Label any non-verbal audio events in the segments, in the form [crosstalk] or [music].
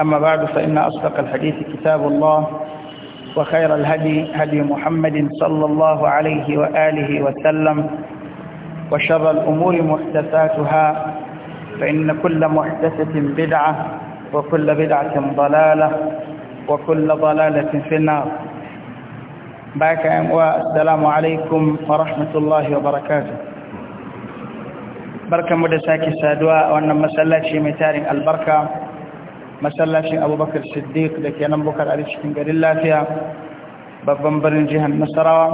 أما بعد فإن أصدق الحديث كتاب الله وخير الهدي هدي محمد صلى الله عليه وآله وسلم وشر الأمور محدثاتها فإن كل محدثة بدعة وكل بدعة ضلالة وكل ضلالة في النار باك والسلام عليكم ورحمة الله وبركاته بركة مدساكي سادواء وأن مسلاتي متارين البركة masallacin abubakar siddiq da ke nan bukar ari cikin garin lafiya babban birnin jihar nasarawa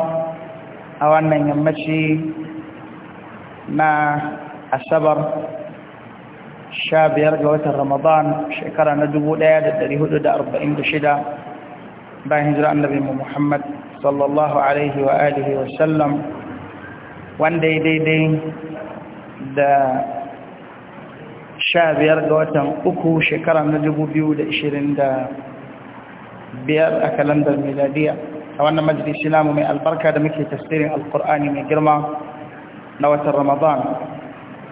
a wannan yammaci na asabar sha ga watan ramadan shekara na dubu da da hudu arba'in shida bayan hijira annabi muhammad sallallahu alaihi wa alihi wasallam wanda ya daidai da sha biyar ga watan uku shekara na dubu biyu da ishirin da biyar a kalandar miladiya a wannan majalisi namu mai albarka da muke tasirin alkur'ani mai girma na watan ramadan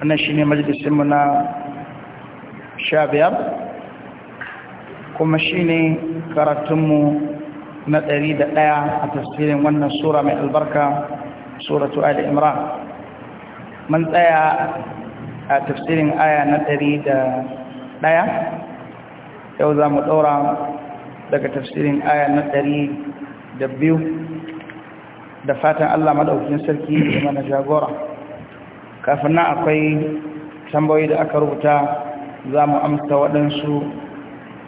wannan shi ne majalisinmu na sha biyar kuma shi ne karatunmu na ɗari da ɗaya a tasirin wannan sura mai albarka suratu ali imran mun tsaya a tafsirin aya na ɗari da ɗaya yau za mu ɗora daga tafsirin aya na ɗari da biyu da fatan Allah maɗaukin sarki da mana jagora kafin na akwai tambayoyi da aka rubuta za mu amsa waɗansu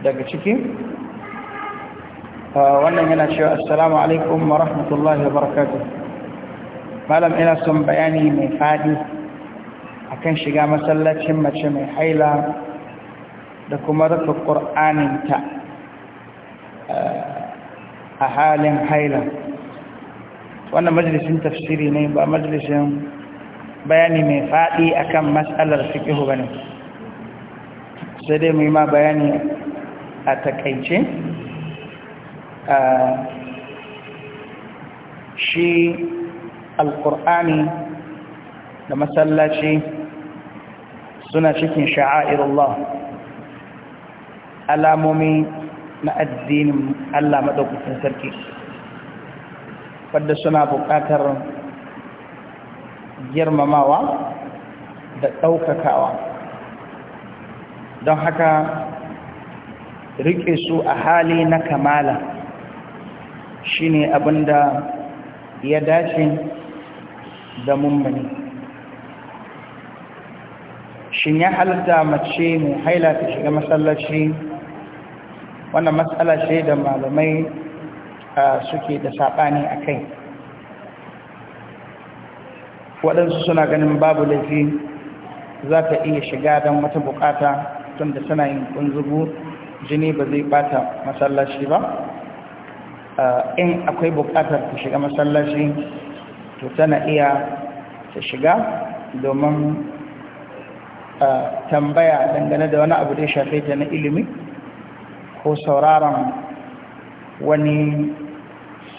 daga ciki uh, wannan yana cewa assalamu alaikum wa rahmatullahi wa barakatuh malam ina son bayani mai faɗi akan shiga masallacin mace mai haila da kuma rufe ƙur'aninta eh, a halin haila wannan majalisin tafsiri ne ba majalisin bayani mai faɗi akan matsalar fiƙihu ba ne sai dai mai ma bayani a takaice eh, shi alƙur'ani da masallaci suna cikin sha'airullah alamomi na addinin Allah maɗaukacin sarki wadda suna buƙatar girmamawa da ɗaukakawa don haka riƙe su a hali na kamala shine abinda ya dace da mummuni shin ya halatta mace mai haila ta shiga masallaci wannan matsala ce da malamai suke da saɓani a kai waɗansu suna ganin babu laifi za ta iya shiga don wata buƙata tun da suna yin ƙunzugu jini ba zai bata masallaci ba in akwai buƙatar ta shiga masallaci to tana iya ta shiga domin tambaya dangane da wani abu da ya shafe ta na ilimi ko sauraron wani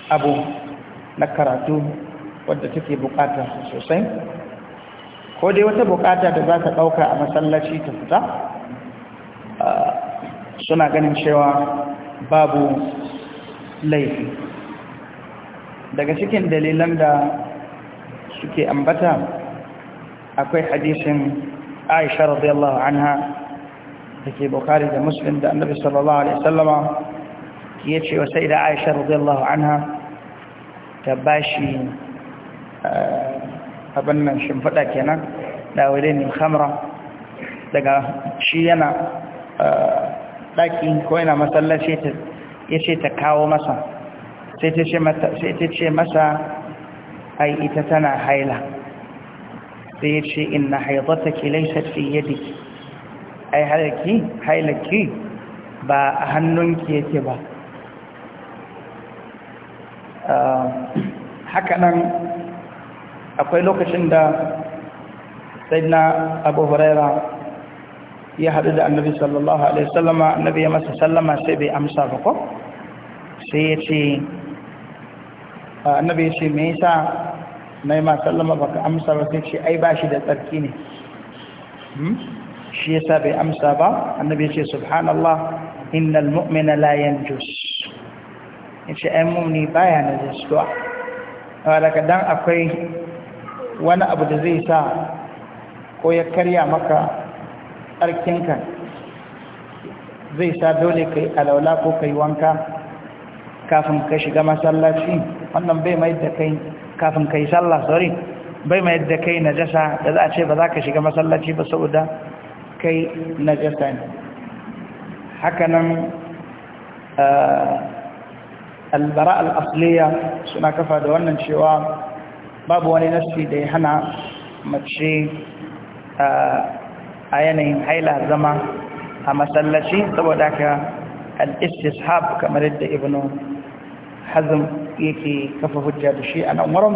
abu na karatu wadda take bukata sosai ko dai wata bukata da za ta ɗauka a masallaci ta fita suna ganin cewa babu laifi daga cikin dalilan da suke ambata akwai hadisin aisha radiyallahu anha da ke bukari da muslim da annabi sallallahu alaihi sallama ya ce da aisha radiyallahu anha ta bashi eh, abin nan kenan da wale daga shi yana eh, ɗaki ko yana masallaci ya ce ta kawo masa sai ta ce masa ai ita tana haila sai ya ce inna haifarta ke laishat fi a yi halaki halaki ba a hannunki yake ba ah, haka nan akwai lokacin da sai na abu huraira ya haɗu da annabi sallallahu alaihi sallama annabi ya masa sallama sai bai amsa ba ko sai ya ce ah, annabi ya ce me yasa Na'ima yi ma sallama baka amsa ba sai ce ai ba shi da tsarki ne hmm? shi yasa bai amsa ba annabi ce subhanallah innal mu'mina la yanjus yace ai mu'mini baya najasuwa daga dan akwai wani abu da zai sa ko ya karya maka tsarkinka zai sa dole kai alaula ko yi wanka kafin ka shiga masallaci wannan bai mai da kai كافن كيس الله سوري بما يدكي نجسة إذا أشي بذاك شيء كما صلى شيء بسودة كي نجسة حكنا آه، البراء الأصلية سنا كفا دوانا شواء باب واني نفسي دي حنا مكشي آه، آياني حيلة الزمع أما صلى شيء سوداك الاستصحاب كما رد ابنه hazm yake kafa hujja da shi a umaran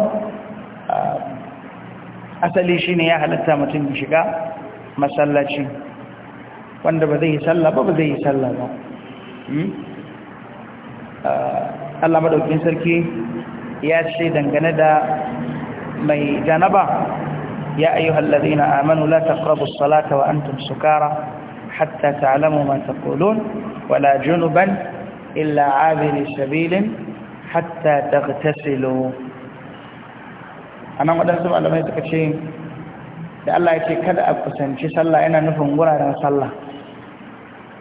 asali shine ya halatta mutum ya shiga masallaci wanda ba zai yi sallah ba ba zai yi sallah ba hmm? Allah madaukin sarki ya ce dangane da mai janaba ya ayyuhal ladina amanu la taqrabu as-salata wa antum sukara hatta ta'lamu ma taqulun wala junuban illa 'abiri sabilin hatta taghtasilu anan waɗansu malamai suka ce da Allah ya ce kada a kusanci sallah yana nufin wuraren sallah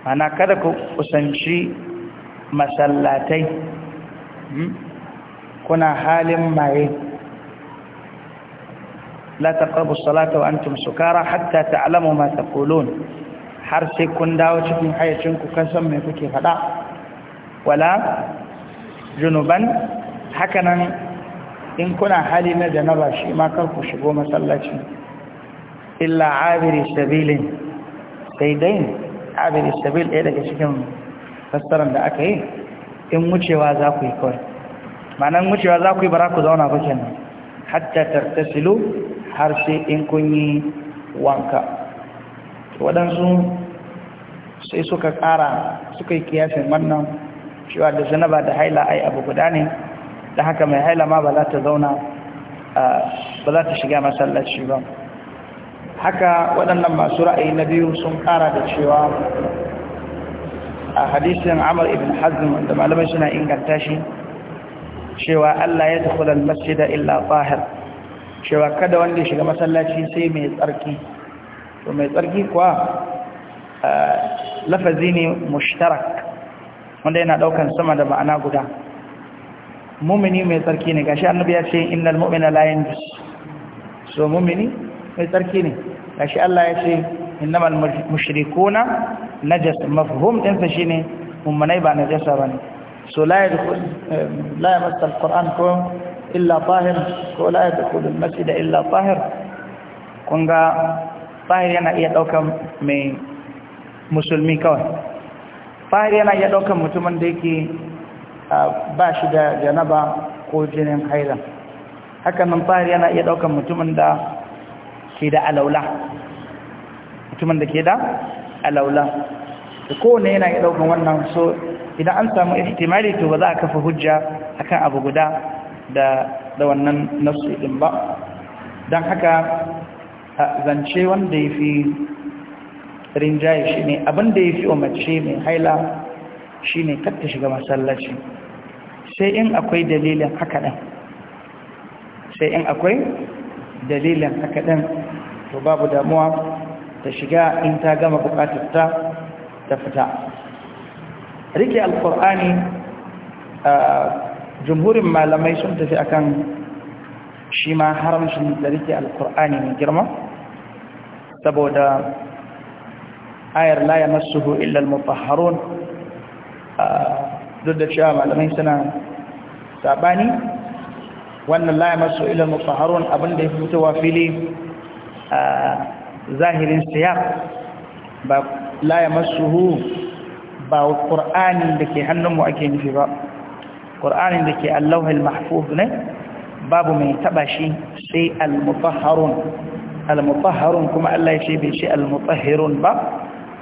ana kada ku kusanci masallatai hmm? kuna halin maye la taqrabu salata wa antum sukara hatta ta'lamu ma taqulun har sai kun dawo cikin hayyacin ku kan san me kuke faɗa wala junuban hakanan in kuna hali na janaba shi ma kar ku shigo masallaci illa abiri sabilin sai dai abiri sabil ɗaya daga cikin fassarar da aka yi in wucewa za ku yi kawai Manan wucewa za ku yi bara ku zauna ba kenan hatta tartasilu har sai in kun yi wanka waɗansu sai suka ƙara suka yi kiyasin wannan cewa da janaba da haila ai abu guda ne da haka mai haila ma ba za ta zauna ba za ta shiga masallaci ba haka waɗannan masu ra'ayi na biyu sun ƙara da cewa a hadisin amur ibn hazm da malamai suna inganta shi cewa Allah ya tafi masjida illa fahir cewa kada wanda ya shiga masallaci sai mai tsarki to mai tsarki kuwa lafazi ne mushtarak wanda yana daukan sama da ma'ana guda mumini mai tsarki ne gashi annabi ya ce innal mu'mina la yanjus so mumini mai tsarki ne gashi Allah ya ce innamal mushrikuna najas mafhum din sa shine Mummanai ba najasa bane so la yadkhul eh, la yamassa alquran ko illa tahir ko la yadkhul almasjid illa tahir kunga tahir yana iya daukan mai musulmi kawai fahari yana iya ɗaukar mutumin da yake ba shi da janaba ko jinin haila hakan nan fahari yana iya ɗaukar mutumin da ke da alaula mutumin da ke da alaula da kowane yana iya ɗaukar wannan so idan an samu ihtimali to ba za a kafa hujja akan abu guda da da wannan nasu ɗin ba don haka zance wanda ya fi mafi rinjaye shi ne da ya fi wa mace mai haila shi ne katta shiga masallaci sai in akwai dalilin haka ɗan sai in akwai dalilin haka ɗan to babu damuwa ta shiga in ta gama bukatarta ta fita rike alkur'ani jumhurin malamai sun tafi akan shi ma haramcin da rike alkur'ani mai girma saboda ayar la yamassuhu illa al-mutahharun ah, duk da cewa malamai suna sabani wannan la yamassu illa al-mutahharun abinda ya fitowa fili ah, zahirin siyaq ba la yamassuhu ba qur'anin dake hannunmu ake nufi ba qur'anin dake allahul mahfuz ne babu mai taba shi sai al-mutahharun al-mutahharun kuma Allah ya ce bai shi al-mutahharun ba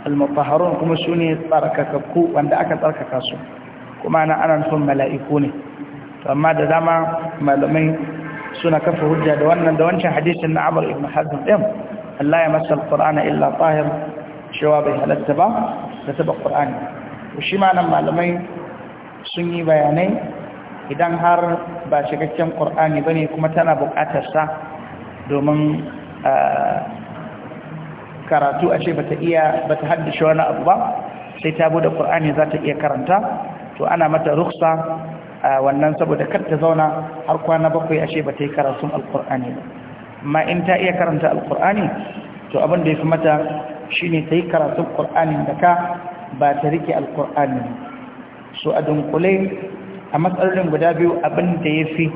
al-mutahharun kuma sune tsarkakakku wanda aka tsarkaka su kuma ana anan nufin mala'iku ne to amma da dama malamai suna kafa hujja da wannan da wancan hadisin na Amr ibn Hazm din Allah ya masa al-Qur'ana illa tahir cewa bai halatta ba da taba Qur'ani to shi ma malamai sun yi bayanai idan har ba cikakken Qur'ani bane kuma tana buƙatar sa domin eh, karatu ashe bata iya bata haddace wani abu ba sai ta bude qur'ani zata iya karanta to ana mata a wannan saboda kar ta zauna har kwana bakwai ashe bata yi karatun alqur'ani ba amma in ta iya karanta alqur'ani to abin da yafi mata shine ta yi karatun qur'anin da ka ba ta rike alqur'ani so a dunkule a matsalolin guda biyu abin da yafi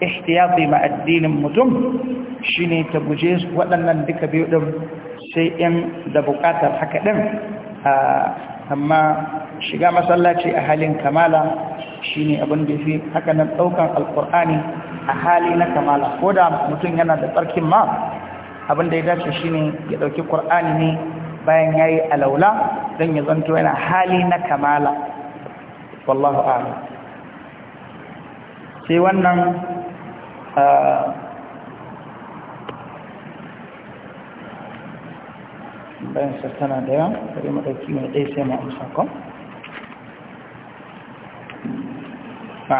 ihtiyati ma addinin mutum shine ta guje waɗannan duka biyu din sai in da bukatar haka ɗin amma shiga masallaci a halin kamala ne abin da fi haka nan ɗaukan alkur'ani a hali na kamala ko da mutum yana da tsarkin ma abin da ya dace shine ya ɗauki ƙur'ani ne bayan ya yi alaula don ya zanto yana hali na kamala wallahu ala sai wannan bayan sassana da yawa bari madauki mai ɗaya sai ma'am sakon ba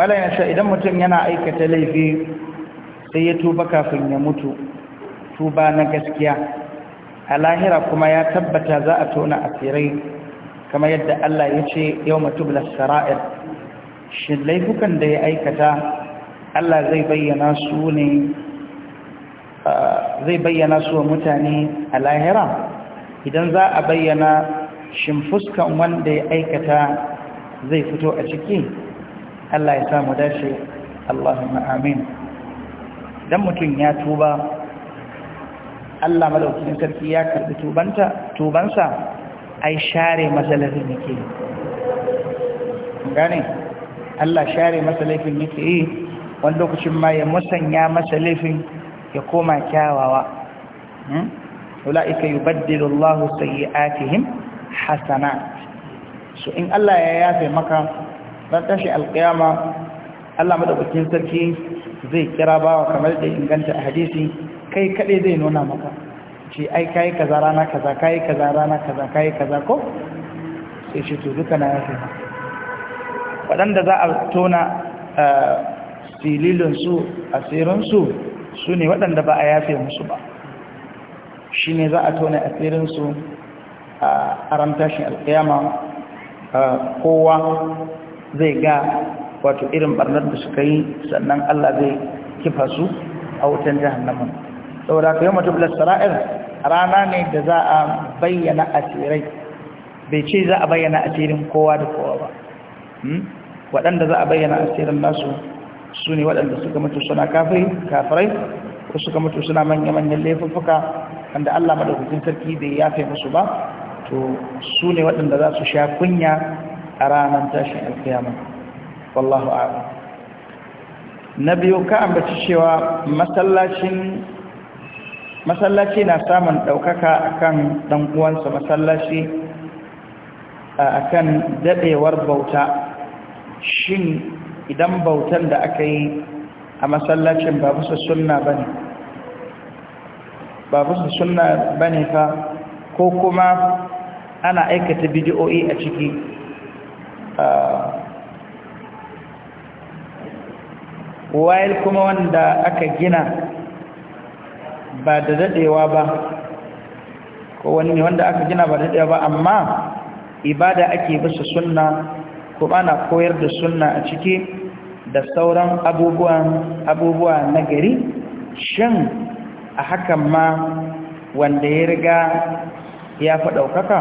malayin sha idan mutum yana aikata laifi sai ya tuba kafin ya mutu tuba na gaskiya a lahira kuma ya tabbata za a tona asirai kamar yadda Allah ya ce yau mutum sara'ir shi laifukan da ya aikata Allah zai bayyana su ne ah, zai bayyana su wa mutane a lahira idan za a bayyana shimfuskan wanda ya aikata zai fito a ciki Allah ya samu dace Allahumma amin dan mutum ya tuba Allah madaukakin sarki ya karbi tubanta tubansa ai share masa laifin yake gane Allah share masa laifin yake wani lokacin ma ya musanya masa laifin ya koma kyawawa hmm? ula'ika yubaddilu Allah sayyi'atihim hasanat so in Allah ya yafe maka dan tashi alqiyama Allah madaukakin sarki zai kira bawa kamar da inganta hadisi kai kadai zai nuna maka ce ai kai kaza rana kaza kai kaza rana kaza kai kaza ko sai shi to duka na yafe waɗanda za a tona eh, sililin su asirin su su ne waɗanda ba a yafe musu ba shi ne za a tona asirinsu a aramtashin alƙiyama kowa zai ga wato irin barnar da suka yi sannan Allah zai kifa su a wutan jahannamin saboda ka yi matublar sara'ir rana ne da za a bayyana asirai bai ce za a bayyana asirin kowa da kowa ba hmm? waɗanda za a bayyana asirin nasu su ne waɗanda suka mutu suna kafirai ko suka mutu suna manya-manyan laifuffuka wanda Allah madaukakin sarki bai yafe musu ba to su ne waɗanda za su sha kunya a ranar tashin alƙiyama wallahu a'lam na biyu ka ambaci cewa masallacin masallaci na samun ɗaukaka akan ɗan uwansa masallaci akan daɗewar bauta shin idan bautan da aka yi a masallacin ba bisa sunna ba ne ba bisa ba ne fa ko kuma ana aikata bidiyoyi a ciki wayar kuma wanda aka gina ba da dadewa ba ko wani wanda aka gina ba da dadewa ba amma ibada ake bisa sunna kuma na koyar da sunna a ciki da sauran abubuwa na gari shin a hakan ma wanda ya riga ya fi ɗaukaka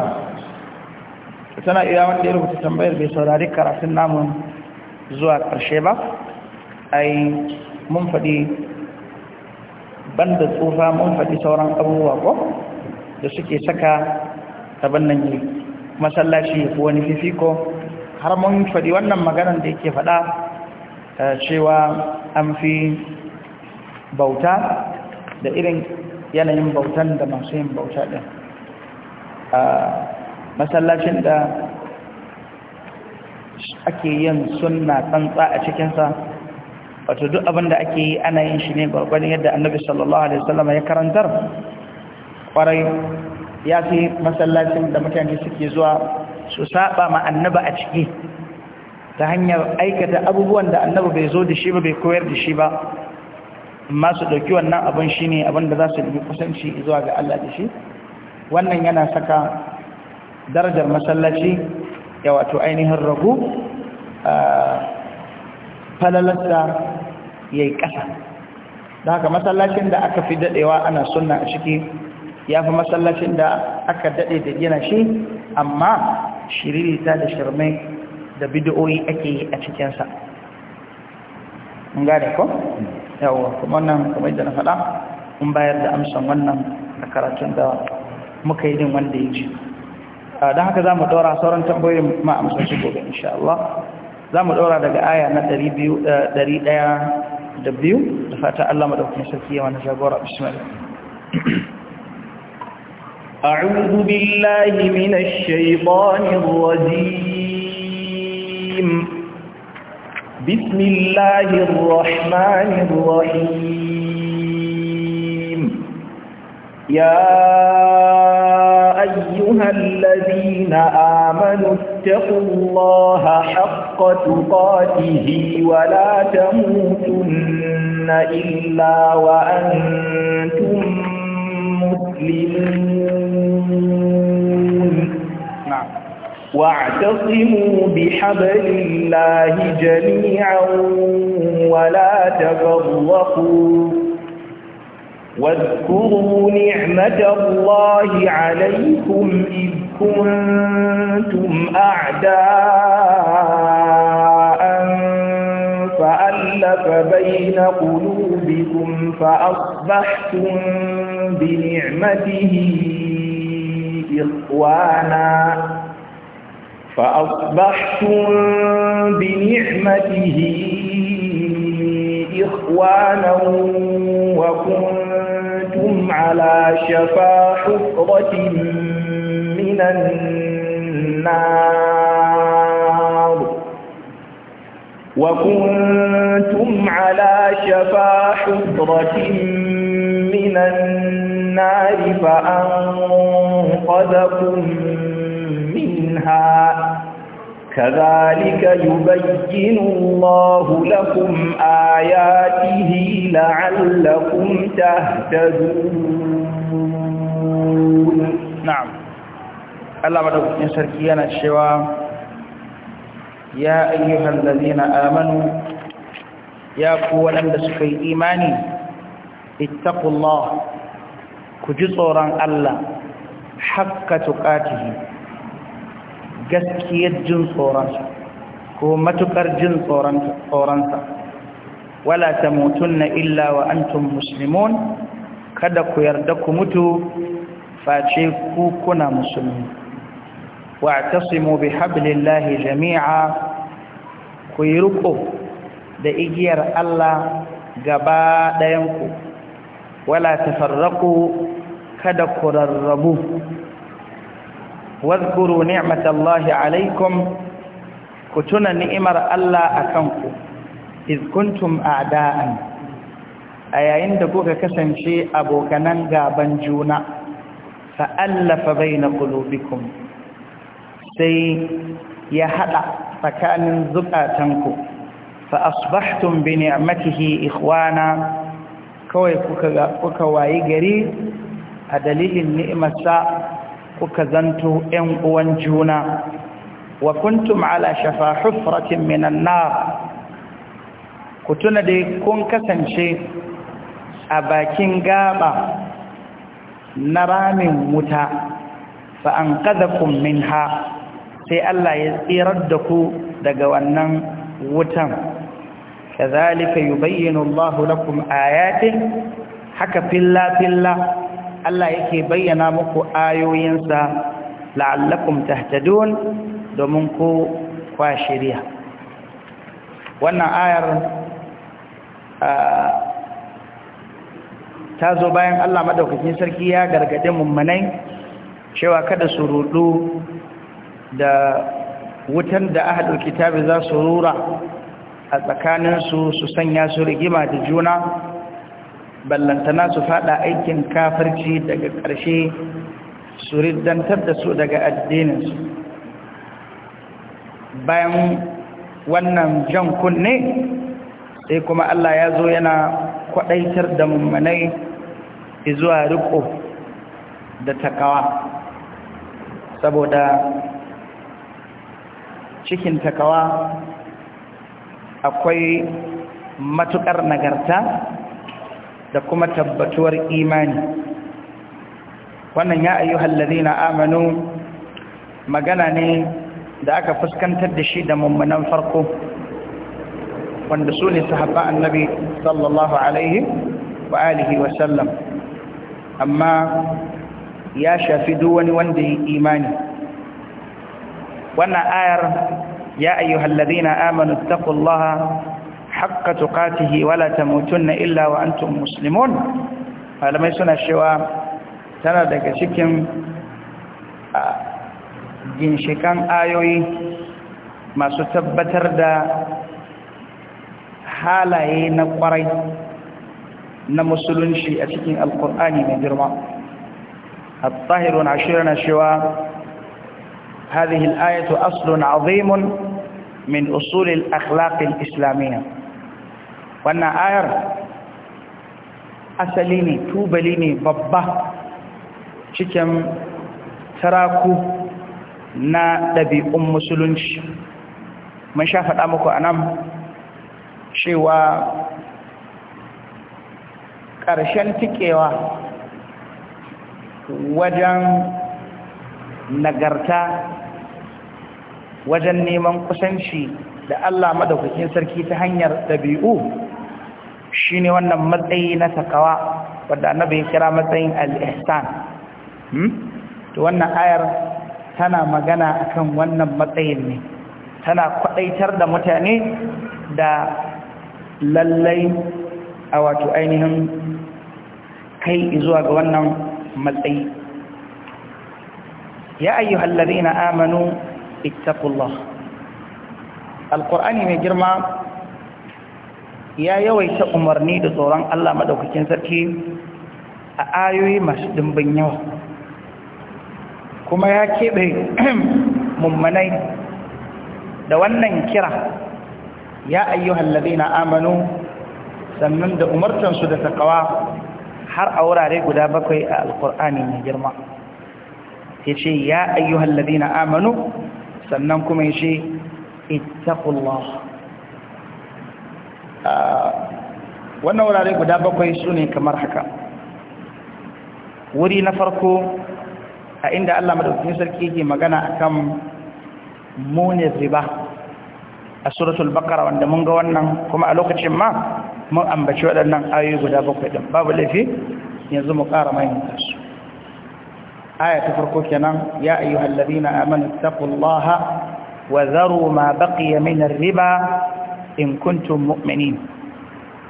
tana iya wanda ya rubuta tambayar bai saurari karatun namun zuwa ƙarshe ba ai mun faɗi banda tsufa mun faɗi sauran abubuwa ko da suke saka tabannan masallaci ko wani fifiko har mun faɗi wannan maganan da yake faɗa eh, cewa an fi bauta da irin yanayin bautan da masu yin bauta ɗin masallacin da ake yin sunna tsantsa a cikinsa wato duk abin da ake yi ana yin shi ne gwargwadon yadda annabi sallallahu alaihi wasallam ya karantar kwarai ya fi masallacin da mutane suke zuwa su saba ma annaba a ciki ta hanyar aikata abubuwan da annaba bai zo da shi ba bai koyar da shi ba amma su ɗauki wannan abin shi ne abin da za su yi kusanci zuwa ga Allah da shi wannan yana saka darajar masallaci ya wato ainihin ragu falalarsa ya yi ƙasa da haka masallacin da aka fi daɗewa ana sunna a ciki ya fi masallacin da aka daɗe da yana shi amma shiririta da shirmai da bidiyoyi ake yi a cikinsa gane ko? yawa kuma nan kuma idan na mun bayar da amsan wannan a karatun da muka yi din wanda ya ji ah, don haka za mu ɗora sauran tambayoyin ma amsan shi gobe insha Allah za mu ɗora daga aya na ɗari eh, ɗaya da biyu da fata Allah madaukakin sarki yawa na jagora bismillah أعوذ بالله من الشيطان الرجيم بسم الله الرحمن الرحيم يا أيها الذين آمنوا اتقوا الله حق تقاته ولا تموتن إلا وأنتم مسلمون نعم واعتصموا بحبل الله جميعا ولا تفرقوا واذكروا نعمة الله عليكم إذ كنتم أعداء ألف بين قلوبكم فأصبحتم بنعمته إخوانا فأصبحتم بنعمته إخوانا وكنتم على شفا حفرة من النار وكنتم على شفا حفرة من النار فأنقذكم منها كذلك يبين الله لكم آياته لعلكم تهتدون نعم الله بدأ يسركينا الشوام ya ayyuhal lalina amanu ya kuwa wadanda suka yi imani ittaqullah ku ji tsoron Allah haka tukatihi gaskiyar jin tsoronsa ko matuƙar jin tsoronsa wala ta mutunna illa wa antum muslimun kada ku yarda ku mutu face ku kuna musulmi واعتصموا بحبل الله جميعا كيركو da igiyar Allah gaba ɗayanku wala tafarraku kada ku rarrabu wadhkuru ni'matallahi alaikum ku tuna ni'imar Allah a kanku iz kuntum a'da'an a yayin da kuka kasance abokanan gaban juna fa'allafa baina qulubikum sai ya haɗa tsakanin zukatanku fa asbahtum bi ni'matihi ikhwana kawai kuka kuka wayi gari a dalilin ni'imarsa kuka zanto 'yan uwan juna wa kuntum ala shafa hufratin minan nar ku tuna dai kun kasance a bakin gaba na ramin wuta fa an minha sai Allah ya tsirar da ku daga wannan wutan ka yi bayyana Allahu lakum ayatin haka filla filla Allah yake bayyana muku ayoyinsa la'allakum tahtadun domin ku kwa shirya wannan ayar ta zo bayan Allah madaukakin sarki ya gargade mummanai cewa kada su rudu da wutan da ahadul kitabi za su rura a tsakaninsu su sanya su rigima da juna ballantana su fada aikin kafirci daga ƙarshe su riddantar da su daga addininsu bayan wannan jan kunne sai kuma Allah ya zo yana kwadaitar da mummanai izuwa riko da takawa saboda cikin takawa akwai matuƙar nagarta da kuma tabbatuwar imani wannan ya ayyuhal na amanu magana ne da aka fuskantar da shi da mummunan farko wanda su ne sahabba annabi sallallahu alaihi wa alihi wa sallam amma ya shafi duwani wanda ya imani wannan ayar ya ayyuhal ladina amanu taqullaha haqqa tuqatihi wala tamutunna illa wa antum muslimun malamai suna cewa tana daga cikin ginshikan ayoyi masu tabbatar da halaye na kwarai na musulunci a cikin alkur'ani mai girma a tsahirun ashirin na cewa هذه الآية أصل عظيم من أصول الأخلاق الإسلامية وأن آية أسليني توبليني ببه شكم تراكو na ɗabi'un musulunci mun sha faɗa muku a nan cewa ƙarshen tikewa wajen nagarta wajen neman kusanci da Allah madaukakin sarki ta hanyar dabi'u shine wannan matsayi na takawa wanda annabi ya kira matsayin al-ihsan hmm? to wannan ayar tana magana akan wannan matsayin ne tana kwadaitar da mutane da lallai a wato ainihin kai zuwa ga wannan matsayi ya ayyuhallazina amanu ittaqullah alqur'ani mai girma ya yawaita umarni da tsoron Allah madaukakin sarki a ayoyi masu dimbin yawa kuma ya keɓe [clears throat] mummanai da wannan kira ya ayyuhal ladina amanu sannan da umartansu da takawa har a wurare guda bakwai a alkur'ani mai girma ya ce ya ayyuhal ladina amanu sannan kuma yace ittaqullah ah, wannan wurare guda bakwai su ne kamar haka wuri na farko a inda Allah madaukakin sarki yake magana akan munin riba a suratul baqara wanda mun ga wannan kuma a lokacin ma mun ambaci waɗannan ayoyi guda bakwai din babu laifi yanzu mu ƙara mai aya ta farko kenan ya ayyuhal ladina amanu taqullaha wa zaru ma baqiya min riba in kuntum mu'minin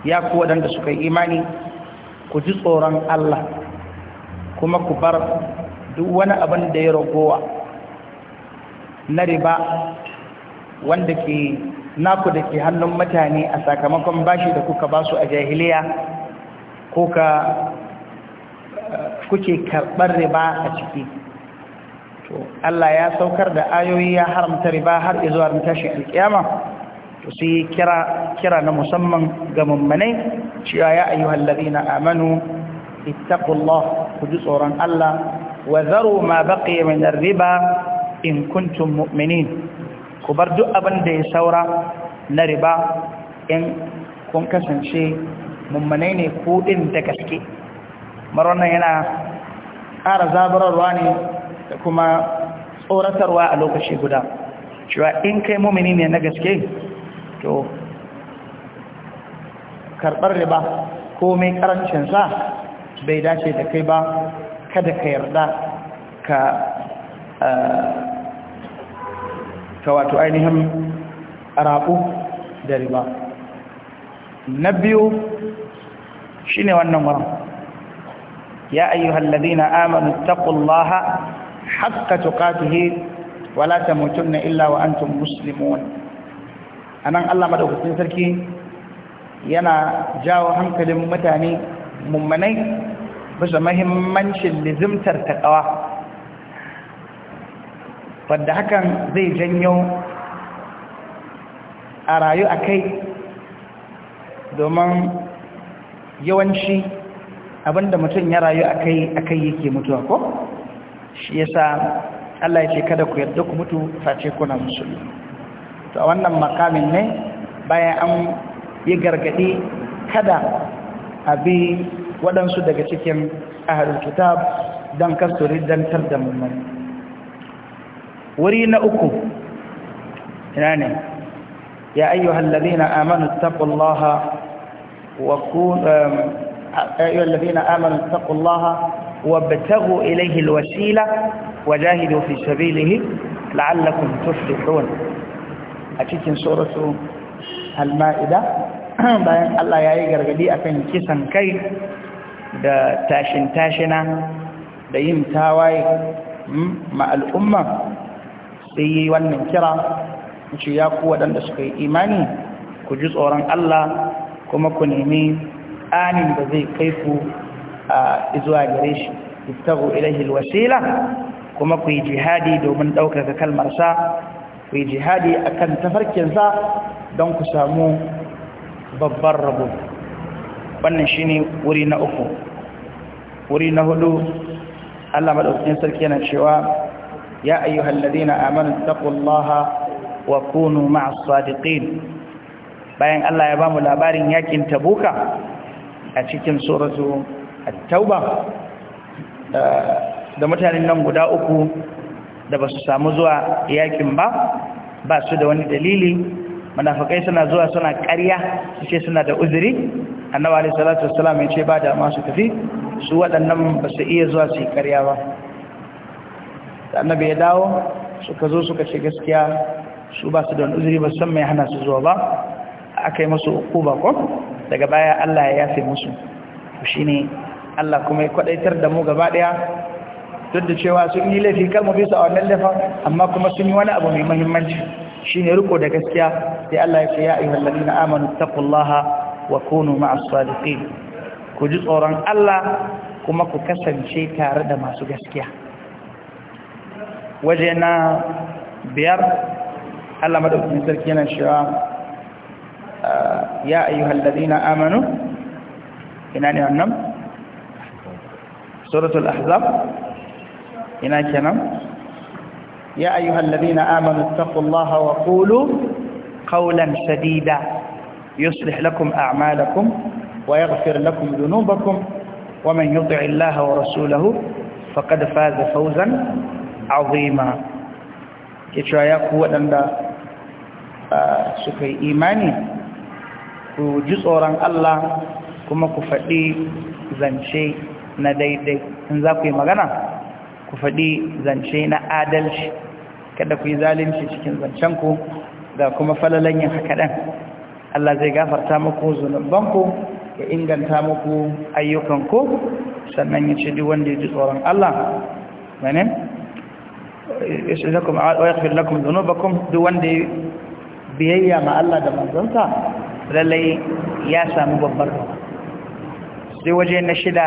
ya ku wadanda suka yi imani ku ji tsoron Allah kuma ku bar duk wani abin da ya ragowa na riba wanda ke naku da ke hannun mutane a sakamakon bashi da kuka basu a jahiliya ko ka kuke karɓar riba a ciki to Allah ya saukar da ayoyi ya haramta riba har zuwa tashin alkiyama to sai kira kira na musamman ga mummanai cewa ya ayyuhal na amanu ittaqullah ku ji tsoron Allah wa zaro ma baqiya min riba in kuntum mu'minin ku bar duk abin da ya saura na riba in kun kasance mummanai ne ku din da gaske mar wannan yana ƙara zabararwa ne da kuma tsoratarwa a lokaci guda cewa in kai mumini ne na gaske to karɓar riba ko mai ƙarancinsa bai dace da kai ba kada ka yarda ka eh, ka wato ainihin raɓu da riba na biyu shine wannan wurin يا أيها الذين آمنوا اتقوا الله حق تقاته ولا تموتن إلا وأنتم مسلمون أنا الله مدعوكسين سركي ينا جاو حنك لمتاني ممني بس مهمنش لزمتر تقوى wadda hakan zai janyo a rayu a kai domin yawanci abinda mutum ya rayu kai akai yake mutuwa ko shi yasa Allah ya ce kada ku yarda ku mutu face kuna musulmi to a wannan makamin ne bayan an yi gargadi kada a bi waɗansu daga cikin ahalul kitab don kasu ridantar da mummuni wuri na uku ina ne ya ayyuhallazina amanu taqullaha wa um, أيها الذين آمنوا اتقوا الله وابتغوا إليه الوسيلة وجاهدوا في سبيله لعلكم تفلحون أتيكم سورة المائدة bayan Allah ya yi gargadi a kan kisan kai da tashin-tashina da yin tawaye ma al'umma sai yi wannan kira ce ya ku waɗanda suka yi imani ku ji tsoron Allah kuma ku nemi ƙur'anin da zai kai ku zuwa gare shi ittabu ilaihi alwasila kuma ku yi jihadi domin ɗaukaka kalmarsa ku yi jihadi akan tafarkinsa don ku samu babban rabo wannan shine wuri na uku wuri na hudu Allah madaukakin sarki yana cewa ya ayyuhal ladina amanu taqullaha wa kunu ma'as sadiqin bayan Allah ya bamu labarin yakin tabuka a cikin suratu at-tauba eh, da mutanen nan guda uku da ba su samu zuwa yakin ba ba su da wani dalili manafakai suna zuwa suna ƙarya su ce suna da uzuri annabi alayhi salatu wassalam ya ce ba da masu tafi su waɗannan ba su iya zuwa su yi ƙarya ba annabi ya dawo suka zo suka ce gaskiya su ba su da wani uzuri ba san mai hana su zuwa ba aka yi masu uku ba ko daga baya Allah ya yafe musu to ne Allah kuma ya kwadaitar da mu gaba daya duk da cewa sun yi laifi kan mu bisa a wannan dafa amma kuma sun yi wani abu mai muhimmanci shine riko da gaskiya sai Allah ya ce ya ayyuhal ladina amanu taqullaha wa kunu ma'as sadiqin ku ji tsoron Allah kuma ku kasance tare da masu gaskiya waje na biyar Allah madaukakin sarki yana cewa آه، يا أيها الذين آمنوا إناني أنم سورة الأحزاب إناني أنم يا أيها الذين آمنوا اتقوا الله وقولوا قولا سديدا يصلح لكم أعمالكم ويغفر لكم ذنوبكم ومن يطع الله ورسوله فقد فاز فوزا عظيما كيتوا يا قوة suka آه، سكي إيماني ku ji tsoron Allah kuma ku faɗi zance na daidai in za ku yi magana ku faɗi zance na adalci kada ku yi zalunci cikin zancenku ga kuma falalan yin haka ɗan Allah zai gafarta muku zunubanku ya inganta muku ayyukanku sannan ya ce duk wanda ya ji tsoron Allah mene yashirzakum wa yaghfir lakum dhunubakum duk wanda biyayya ma Allah da manzonsa lallai ya samu babbar rawa sai waje na shida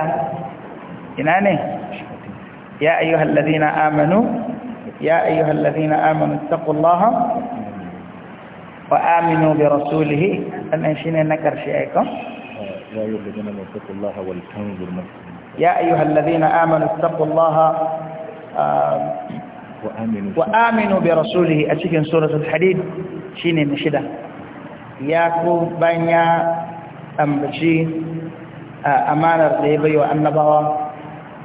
ina ne ya ayyuhal ladina amanu ya ayyuhal ladina amanu taqullaha wa aminu bi rasulihi annan shine na karshe aikon ya ayyuhal ladina amanu taqullaha wal tanzur ya ayyuhal ladina amanu taqullaha wa aminu bi rasulihi a cikin suratul hadid shine na shida ya ko bayan ya ambaci amanar da ya baiwa annabawa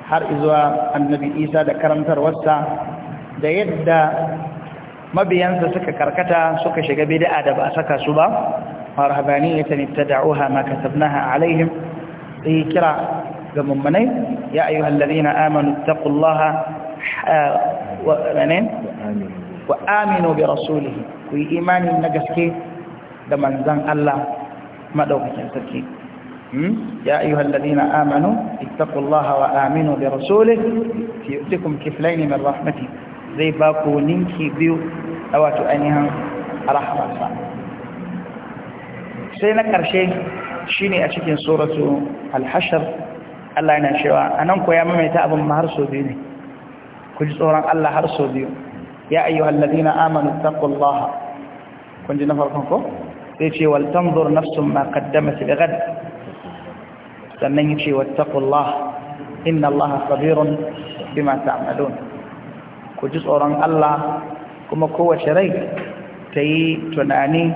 har izuwa annabi isa da karantarwarsa da yadda mabiyansa suka karkata suka shiga bid'a da ba a saka su ba marhabaniyatan ibtada'uha ma katabnaha alaihim sai kira ga mummunai ya ayyuhal ladina amanu taqullaha wa aminu bi rasulihi ku imani na gaske da manzan Allah madaukakin sarki hmm? ya ayyuhal ladina amanu ittaqullaha wa aminu da rasulihi fi yutikum kiflayn min rahmati zai ba ku ninki biyu a wato ainihin rahmarsa sai na karshe ne a cikin suratu al-hashr Allah yana cewa nan ko ya mamaita abin ma har so biyu ne ku ji tsoron Allah har so biyu ya ayyuhal ladina amanu taqullaha kun ji na farkon ko sai ce wal tanzur nafsun ma qaddamat lighad sannan yace wattaqullah inna allaha sabirun bima ta'malun ku ji tsoron Allah kuma kowace rai ta yi tunani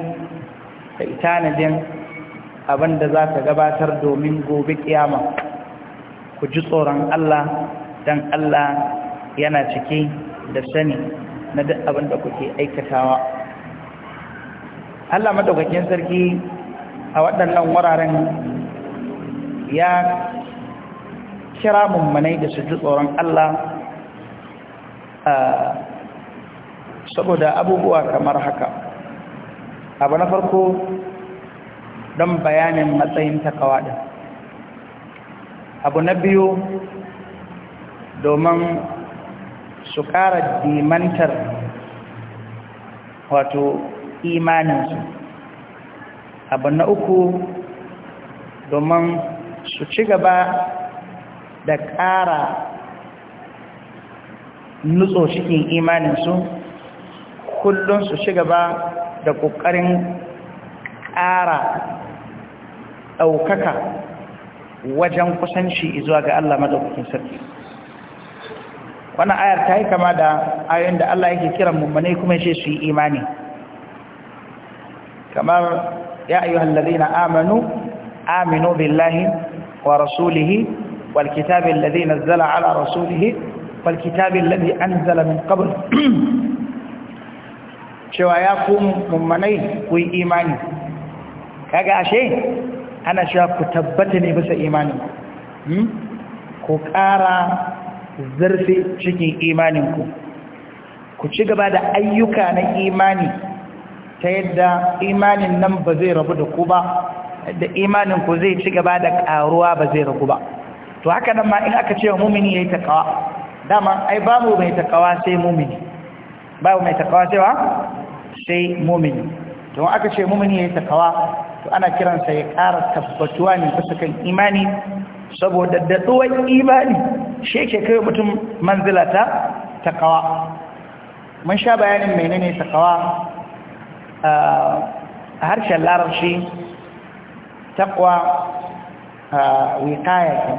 ta itanadin abin abinda za ta gabatar domin gobe kiyama ku ji tsoron Allah don Allah yana cike da sani na duk da kuke aikatawa Allah madaukakin sarki a waɗannan wuraren ya kira mummanai da su ji tsoron Allah saboda abubuwa kamar haka abu na farko don bayanin matsayin takawa ɗin abu na biyu domin su ƙara dimantar wato imaninsu abu na uku domin su ci gaba da ƙara nutso cikin imaninsu kullum su ci gaba da ƙoƙarin ƙara ɗaukaka wajen kusanci zuwa ga Allah madaukakin sarki wannan ayar ta yi kama da ayoyin da Allah yake kiran mummane kuma ya ce su yi imani كما يا أيها الذين آمنوا آمنوا بالله ورسوله والكتاب الذي نزل على رسوله والكتاب الذي أنزل من قبل [coughs] شو أياكم ممني في إيماني كاقا شيء أنا شو كتبتني بس إيماني كقارا zarfi cikin imaninku ku ci gaba da ayyuka na imani ta yadda imanin nan ba zai rabu da ku ba da imanin ku zai ci gaba da karuwa ba zai rabu ba to haka nan ma in aka ce wa mumini yayi takawa dama ai babu mai takawa sai mumini babu mai takawa sai wa sai mumini to aka ce mumini yayi takawa to ana kiransa ya ƙara tabbatuwa ne bisa kan imani saboda daɗuwar imani shi yake kai mutum manzila ta takawa mun sha bayanin menene takawa a harshen larabci takwa wiqaya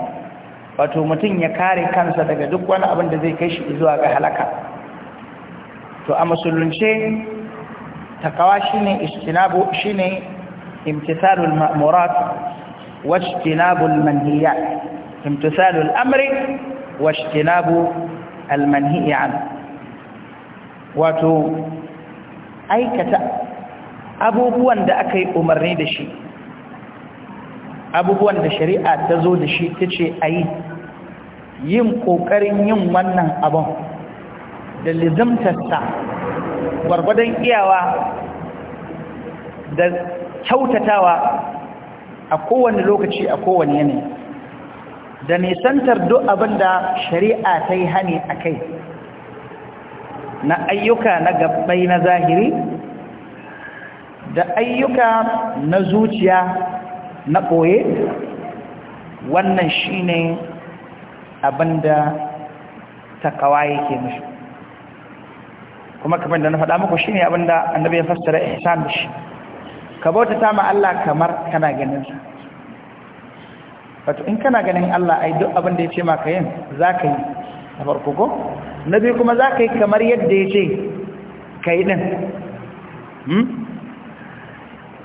wato mutum ya kare kansa daga duk wani abin da zai kai shi zuwa ga halaka to a musulunce takawa shine istinabu shine imtithalul ma'murat wajtinabul manhiyat imtithalul amri wajtinabu al manhiyan wato aikata abubuwan da aka yi umarni da shi abubuwan da shari'a ta zo da shi ta ce a yi yin ƙoƙarin yin wannan abin da lizimtasta gwargwadon iyawa da kyautatawa a kowane lokaci a kowane yanayi da nisantar duk abin da shari'a ta yi hani a kai na ayyuka na gabbai na zahiri da ayyuka na zuciya na ɓoye wannan shine abinda takawa yake mishi kuma kamar da na faɗa muku shine abinda annabi ya fassara ihsan da shi ka ta ma Allah kamar kana ganin sa wato in kana ganin Allah ai duk abinda ya ce maka yin zaka yi na farko ko na biyu kuma zaka yi kamar yadda ya ce ka yi din hmm?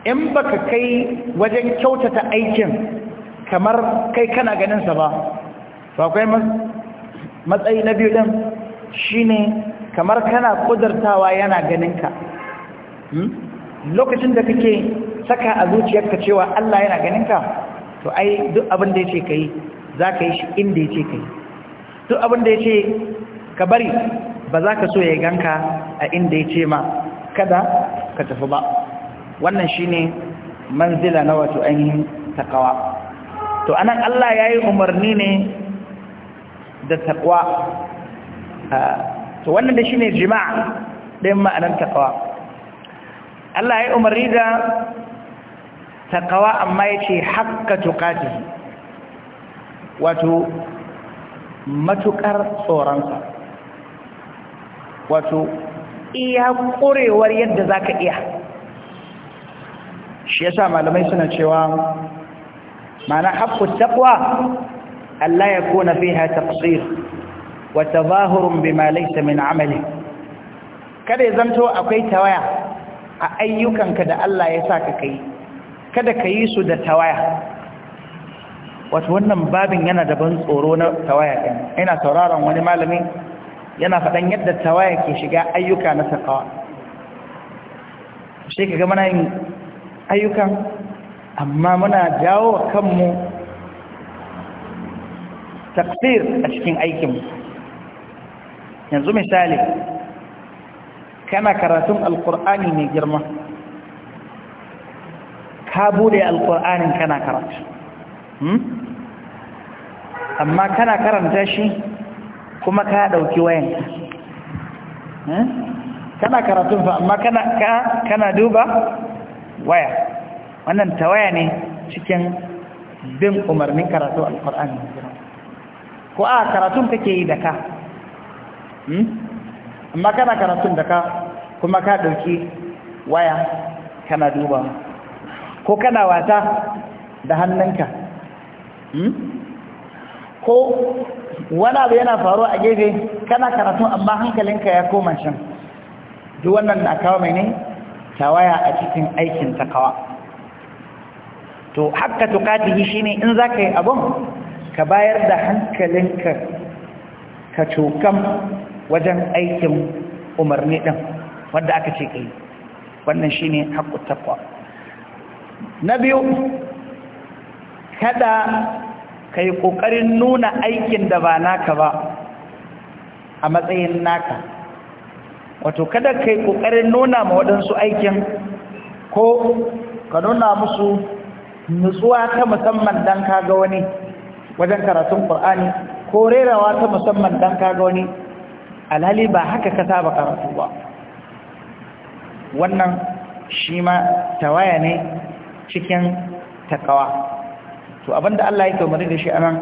in baka kai wajen kyautata aikin kamar kai kana ganinsa ba to akwai matsayi na biyu ɗin shine kamar kana kudurtawa yana ganinka hmm? lokacin da kake saka a zuciyarka cewa Allah yana ganinka to ai duk abin da yace kai za ka yi shi inda ka kai duk abin da ce ka bari ba za ka so ya ganka a inda yace ma kada ka tafi ba wannan shine manzila na wato ainihin taqwa to anan Allah yayi umarni ne da taqwa ah, to wannan da shine jima'a din ma'anar taqwa Allah yayi umarni da taqwa amma yace hakka tuqatihi wato matukar tsoronsa wato iya kurewar yadda za ka iya shi yasa malamai suna cewa mana haqqut taqwa alla yakuna fiha taqsir wa tadhahurun bima laysa min amali kada ya zanto akwai tawaya a ayyukanka da Allah ya saka kai kada ka su da tawaya wato wannan babin yana da ban tsoro na tawaya ɗin ina sauraron wani malami yana faɗan yadda tawaya ke shiga ayyuka na takawa sai ka gama ayyuka amma muna jawo kanmu taqsir a cikin aikinmu yanzu misali kana karatun alkur'ani mai girma ka bude alkur'anin kana karatu hmm? amma kana karanta shi kuma ka dauki wayanka hmm? kana karatun fa amma kana duba waya wannan tawaya ne cikin bin umarnin karatu alkur'ani ko a karatun kake yi da ka hmm? amma kana karatun da ka kuma ka ɗauki waya kana duba ko kana wata da hannunka hmm? ko wani abu yana faruwa a gefe kana karatun amma hankalinka ya koma shan duk wannan na kawo mai ne tawaya a cikin aikin takawa to hakka tukatihi shine in zaka yi abun ka bayar da hankalinka ka cokam wajen aikin umarni ɗin, wanda aka ce kai wannan shine hakku takwa na biyu kada yi ƙoƙarin nuna aikin da ba naka ba a matsayin naka wato kada kai kokarin nuna ma wadansu aikin ko ka nuna musu nutsuwa ta musamman dan kaga wani wajen karatun Qur'ani ko rerawa ta musamman dan ga wani alhali ba haka ka saba karatu ba wannan shi ma tawaya ne cikin takawa to abinda Allah ya kamar da shi anan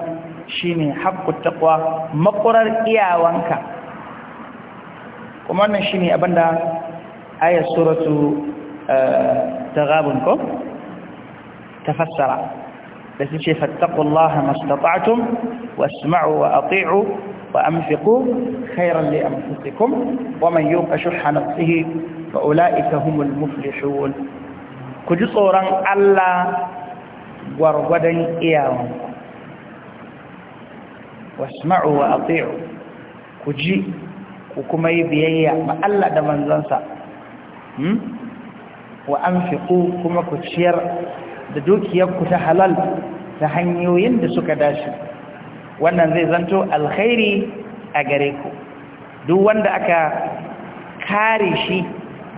shine haqqut taqwa makurar iyawanka kuma wannan shine abinda ayar suratu ta ko tafassara da su ce fattakullaha mastata'atum wasma'u wa ati'u wa amfiku khayran li anfusikum wa man yuqa shuhha nafsihi fa ulaika humul muflihun ku ji tsoron Allah gwargwadan iyawanku wasma'u wa ati'u ku ji ku kuma yi biyayya ma Allah da manzansa hmm? wa anfiqu kuma ku ciyar da dukiyarku ta halal ta hanyoyin da suka dace wannan zai zanto alkhairi a gare ku duk wanda aka kare shi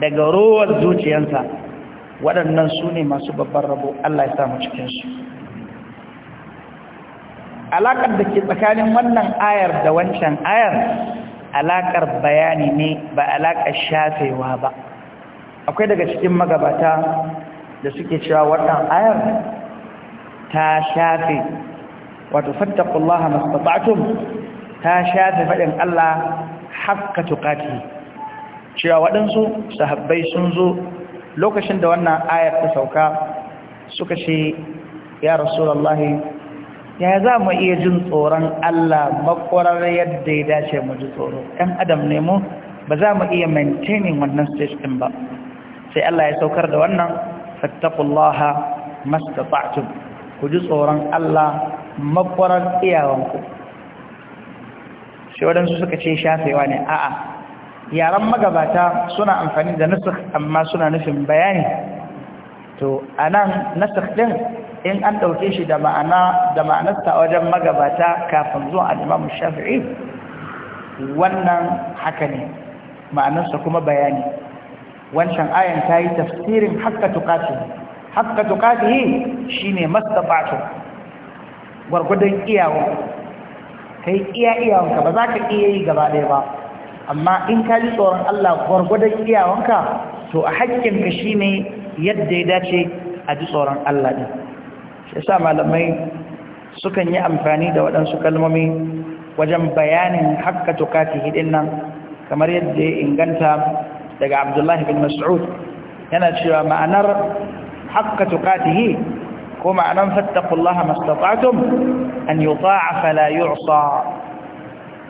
daga rowar zuciyarsa waɗannan su ne masu babban rabo Allah ya samu cikinsu alaƙar da ke tsakanin wannan ayar da wancan ayar alaƙar bayani ne ba alaƙar shafewa ba akwai daga cikin magabata da suke cewa wannan ayar ta shafe wato fattakullaha mastata'tum ta shafe faɗin Allah hakka tuqati cewa waɗansu sahabbai sun zo lokacin da wannan ayar ta sauka suka ce ya rasulullahi ya za mu iya jin tsoron Allah makwarar yadda ya dace mu ji tsoro ɗan adam ne mu ba za mu iya maintaining wannan stage ɗin ba sai Allah ya saukar da wannan fattakullaha mastata'tum ku ji tsoron Allah makwarar iyawanku shi waɗansu suka ce shafewa ne a'a yaran magabata suna amfani da nasakh amma suna nufin bayani to anan nasakh ɗin? in an ɗauke shi da ma'ana da ma'anarsa wajen magabata kafin zuwa al'imamu shafi'i wannan haka ne ma'anarsa kuma bayani wancan ayan ta yi tafsirin haka tukatihi haka tukatihi shi ne mastafatu gwargwadon iyawon ka yi iya iyawanka ba za ka iya yi gaba ɗaya ba amma in ka ji tsoron Allah gwargwadon iyawanka to a haƙƙinka shi ne yadda ya dace a ji tsoron Allah ɗin yasa malamai sukan yi amfani da waɗansu kalmomi wajen bayanin hakka tukati hidin nan kamar yadda ya inganta daga abdullahi bin mas'ud yana cewa ma'anar hakka hi ko ma'anar fattakullah mastata'tum an yi ta'a fala yu'sa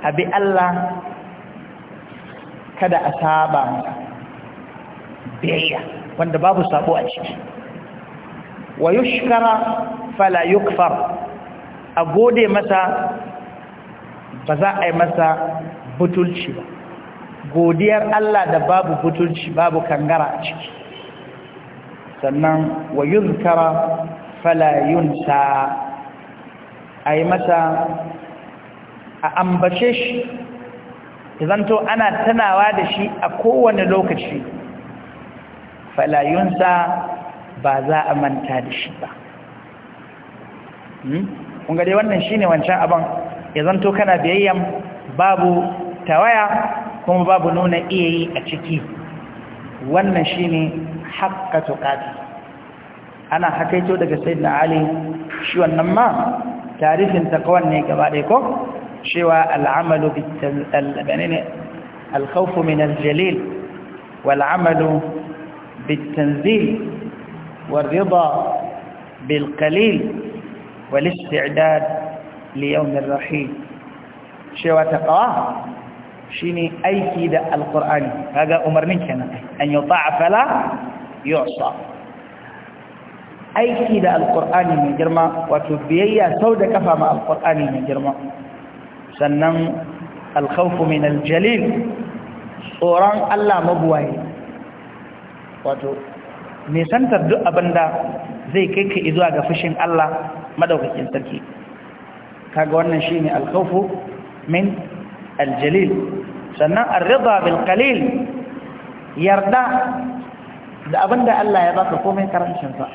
abi Allah kada a saba biyayya wanda babu sabo a ciki wa yushkara fala yukfar a gode masa ba za a yi masa butulci ba godiyar Allah da babu butulci babu kangara a ciki sannan wa yuzkara fala yunsa a yi masa a ambace shi izanto ana tanawa da shi a kowane lokaci fala yunsa ba za a manta da shi ba ƙunga hmm? wannan shi ne wancan abin ya zanto kana biyayyan babu tawaya kuma babu nuna iya yi a ciki wannan shi ne haƙƙa tuƙati ana haƙaito daga sai na ali shi wannan ma tarifin taƙawan ne gaba ɗai ko cewa al'amalu alkhawfu min aljalil wal'amalu bitanzil والرضا بالقليل والاستعداد ليوم الرحيل شوى تقواه شيني اي دا القرآن هذا أمر منك انا أن يطاع فلا يعصى اي دا القرآن من جرما وتبيي سود كفى مع القرآن من جرما سنن الخوف من الجليل قرآن الله مبوي nisantar duk abin da zai kai ka izuwa ga fushin Allah madaukakin sarki kaga wannan shi ne alkhawfu min aljalil sannan ar-ridha bil qalil yarda da abin da Allah ya baka komai karancin sa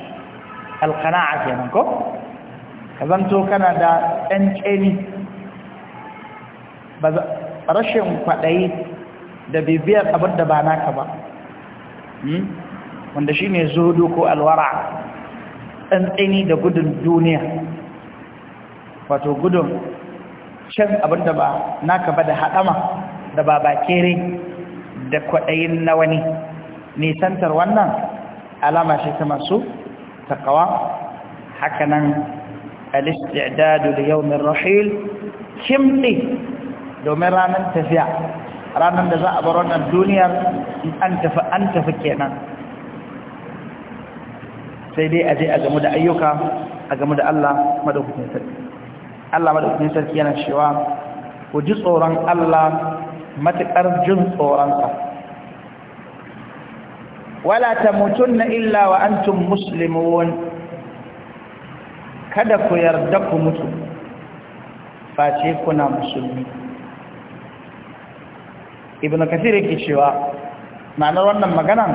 alqana'a kenan ko kazanto kana da dan tseni rashin kwadayi da bibiyar abin da ba naka ba hmm? wanda shi ne zuhudu ko alwara tsantsini da gudun duniya wato gudun can abin ba naka ba da haɗama da ba bakere da kwaɗayin na wani nisantar wannan alama shi ta masu takawa hakanan al-istidadu li rahil kimdi domin ranar tafiya ranar da za a bar wannan duniyar an tafi kenan sai dai a aje a game da ayyuka a game da Allah madaukakin sarki Allah madaukakin sarki yana cewa ku ji tsoron Allah matakar jin tsoronsa wala tamutunna illa wa antum muslimun kada ku yarda ku mutu face kuna musulmi ibn kathir yake cewa ma'anar wannan maganan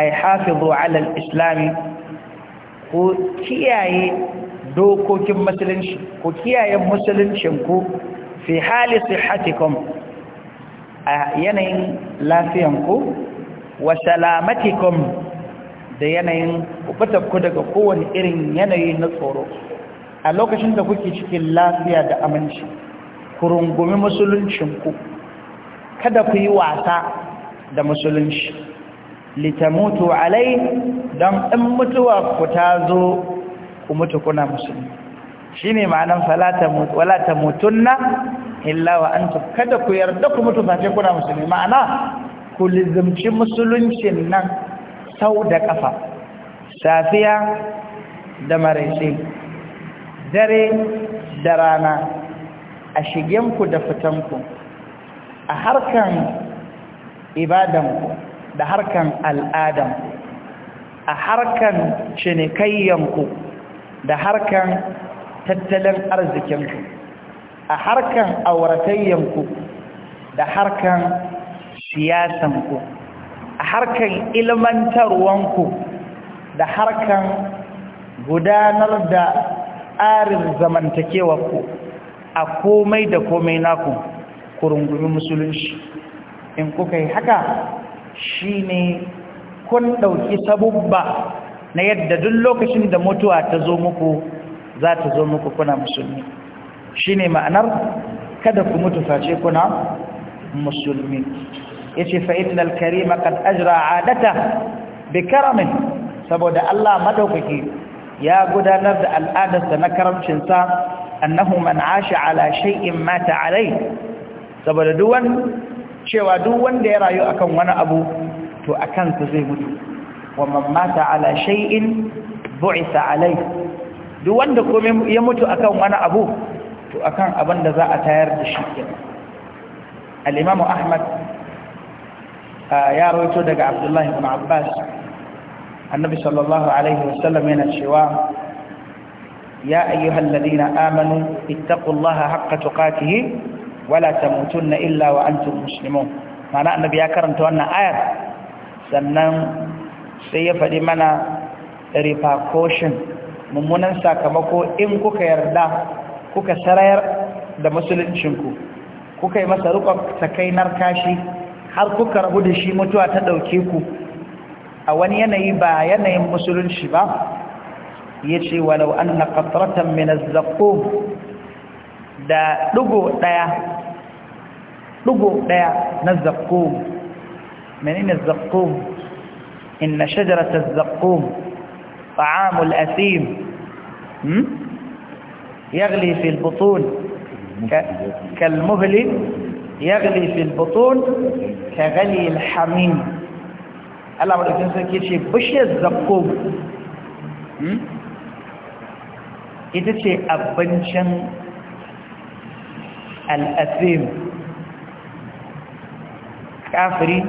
ay hafizu ala al-islam ko kiyaye dokokin musulunci ko kiyaye musuluncinku fi hali sihhatikum a yanayin ku wa salamatikum da yanayin ku daga kowane irin yanayi na tsoro a lokacin da kuke cikin lafiya da aminci ku rungumi musuluncinku kada ku yi wasa da musulunci litamutu alai don in mutuwa ku ta zo ku mutu kuna musulmi shine ma'anan wala tamutunna illa wa 'antu kada ku yarda ku mutu face kuna musulmi ma'ana ku lizimci musuluncin nan sau da ƙafa. safiya da maraice dare da rana a shigenku da fitanku a harkan ibadanku da harkan al'adam a harkan cinikayyanku da harkan tattalin arzikinku a harkan auratayyanku da harkan siyasanku a harkan ilmantarwanku da harkan gudanar da tsarin zamantakewarku a komai da komai naku ku rungumi musulunci in kuka yi haka ne kun ɗauki sabubba na yadda duk lokacin da mutuwa ta zo muku za ta zo muku kuna musulmi shine ma'anar kada ku mutu face kuna musulmi yace fa innal karima qad ajra adata bi karamin saboda Allah maɗaukaki ya gudanar da al'adarsa na karamcinsa annahu man asha ala shaiin mata alai saboda duwan. cewa duk wanda ya rayu akan wani abu to a kansa zai mutu wa mamata ala shay'in bu'isa alai duk wanda komai ya mutu akan wani abu to akan abin da za a tayar da shi kenan al-imamu ahmad ya rawaito daga abdullahi ibn abbas annabi sallallahu alaihi wasallam yana cewa ya ayyuhal ladina amanu ittaqullaha haqqa tuqatih wala na illa wa tun muslimun mana annabi ya karanta wannan ayar sannan sai ya faɗi mana repercussion mummunan sakamako in kuka yarda kuka sarayar da musuluncinku kuka yi masa rukon sakainar kashi har kuka rabu da shi mutuwa ta ɗauke ku a wani yanayi ba yanayin musulunci ba ya ce walau an na ƙasaratan minazzaƙo da ɗigo ɗaya لجوء ديا نزقوم منين الزقوم إن شجرة الزقوم طعام الأثيم يغلي في البطون كالمهل يغلي في البطون كغلي الحميم ألا أقول لك نسوي كل شيء بشي الزقوم إذا شيء أبنشن الأثيم kafiri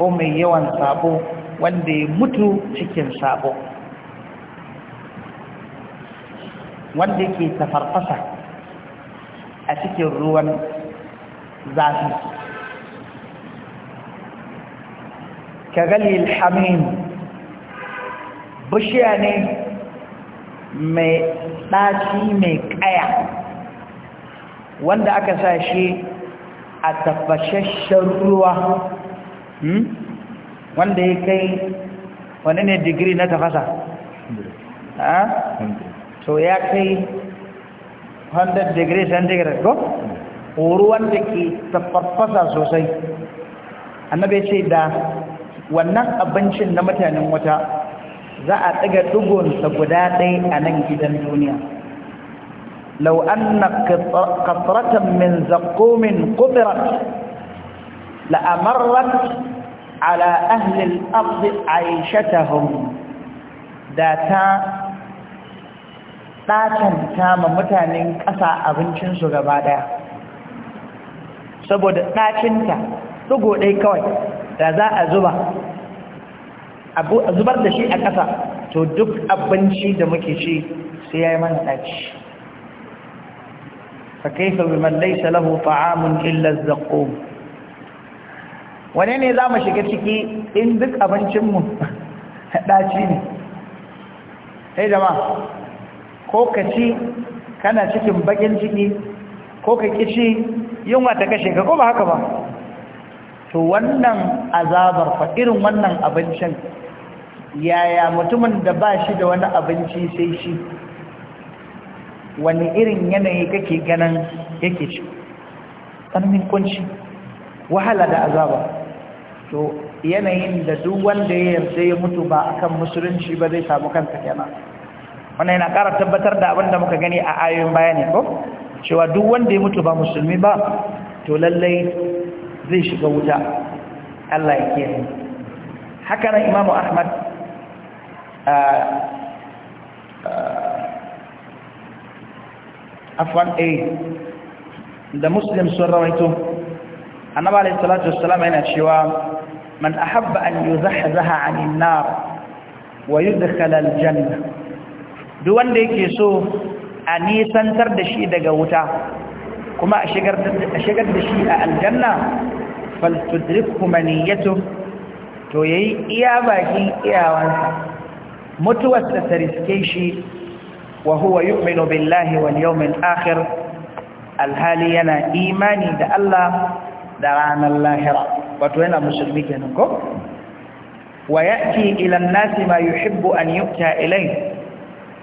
ko mai yawan sabo wanda ya mutu cikin sabo wanda ke tafarfasa a cikin ruwan zafi kagalil hamim bishiya ne mai ɗaci mai ƙaya wanda aka sa shi a tabbashashen ruwa hmm? wanda ya kai wani ne digiri na tafasa to ya kai 100 digiri centigrade ko ruwan da ke tafafasa sosai annabi ce da wannan abincin na mutanen wata za a ɗaga ɗigonsa guda ɗaya a nan gidan duniya لو أن قطرة من زقوم قطرت لأمرت على أهل الأرض عيشتهم داتا داتن تام متانين قصى أبنشن سغبادا سبود داتن تا تقول لي إيه كوي رزاء زبا أبو زبا دشي أكثر تدك أبنشي دمكشي سيايمان داتش فكيف بمن ليس له طعام إلا الزقوم wane ne za mu shiga ciki in duk abincinmu ɗaci ne sai ma ko ka ci kana cikin bakin ciki ko ka ci yunwa ta kashe ka ba haka ba to wannan azabar fa irin wannan abincin yaya mutumin da ba shi da wani abinci sai shi wani irin yanayi kake ganin yake ci tsananin kunci wahala da azaba to yanayin da duk wanda ya yarda ya mutu ba akan musulunci ba zai samu kansa kenan wannan yana ƙara tabbatar da abin da muka gani a ayoyin bayani ko cewa duk wanda ya mutu ba musulmi ba to lallai zai shiga wuta Allah ya kiyaye haka nan Imam Ahmad ah, ah, afwan a da muslim sun rawaito annabi alayhi salatu wassalam yana cewa man ahabba an yuzahzaha 'anil nar wa yudkhala aljanna duk wanda yake so a nisantar da shi daga wuta kuma a shigar da shi a aljanna faltudrikhu maniyatu to yayi iya bakin iyawansa mutuwar ta riske shi wa huwa yu'minu billahi wal yawmil akhir alhali yana imani da Allah da ranar lahira wato yana musulmi kenan ko wa ya'ti ila an-nasi ma yuhibbu an yu'ta ilayhi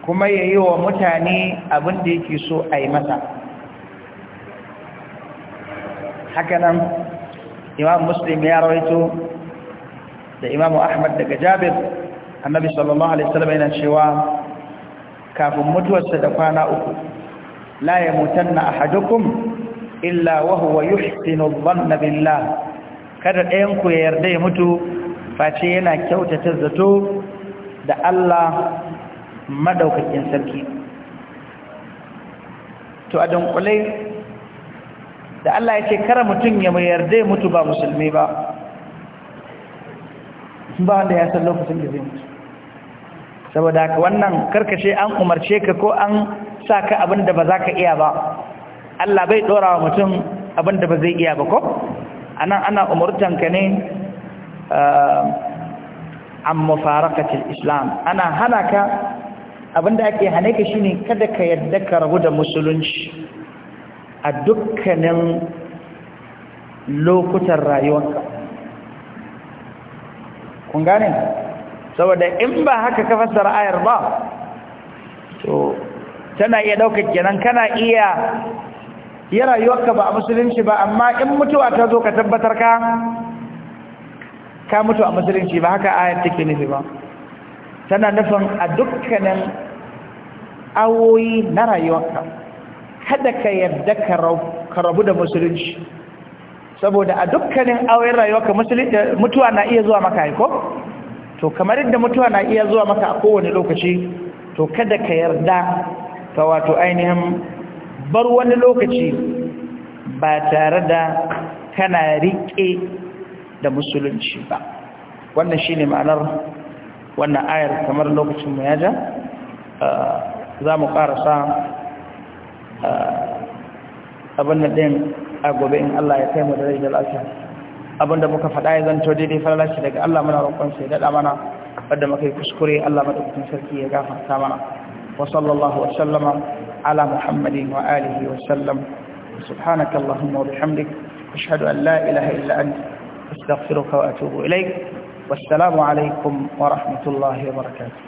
kuma yayi wa mutane abin da yake so a yi masa hakanan imam muslim ya rawaito da imam ahmad daga jabir annabi sallallahu alaihi wasallam yana cewa kafin mutuwarsa da kwana uku la ya mutanna ahadukum illa wa huwa yuhsinu dhanna billah kada ɗayan ku ya yarda ya mutu face yana kyautata zato da Allah madaukakin sarki to a dunkulai da Allah ya ce kara mutum ya mai yarda mutu ba musulmi ba ba wanda ya san lokacin da zai mutu saboda haka wannan karkashe an umarce ka ko an sa ka abin da ba za ka iya ba Allah bai ɗora wa mutum abin da ba zai iya ba ko anan ana ka ne ah, an mafarakatul islam ana hana ka abin abinda ake hane ka shine kada ka yadda ka rabu da musulunci a dukkanin lokutan rayuwarka kun gane saboda in ba haka ka fassara ayar ba to tana iya ɗaukar kenan kana iya yi rayuwarka ba a musulunci ba amma in mutuwa ta zo ka tabbatar ka ka mutu a musulunci ba haka ayar take nufi ba tana nufin a dukkanin awoyi na rayuwarka kada ka yarda ka rabu da musulunci saboda a dukkanin awoyin rayuwarka eh, mutuwa na iya zuwa maka ko to kamar yadda mutuwa na iya zuwa maka a kowane lokaci to kada ka yarda ka wato ainihin bar wani lokaci ba tare da kana riƙe da musulunci ba wannan shi ne ma'anar wannan ayar kamar lokacin mu yaja eh, za mu ƙarasa eh, abin da ɗin a gobe in Allah ya kai mu da rai da lafiya abinda muka faɗa ya zanto daidai falalashi daga Allah muna roƙon sai da mana wanda muka yi kuskure Allah madaukakin sarki ya gafarta mana wa sallallahu wa sallama ala muhammadin wa alihi wa sallam subhanaka allahumma wa bihamdik ashhadu an la ilaha illa anta astaghfiruka wa atubu ilaik wassalamu alaikum wa rahmatullahi wa barakatuh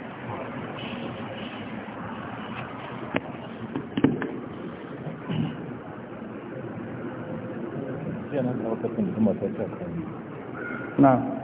kenan na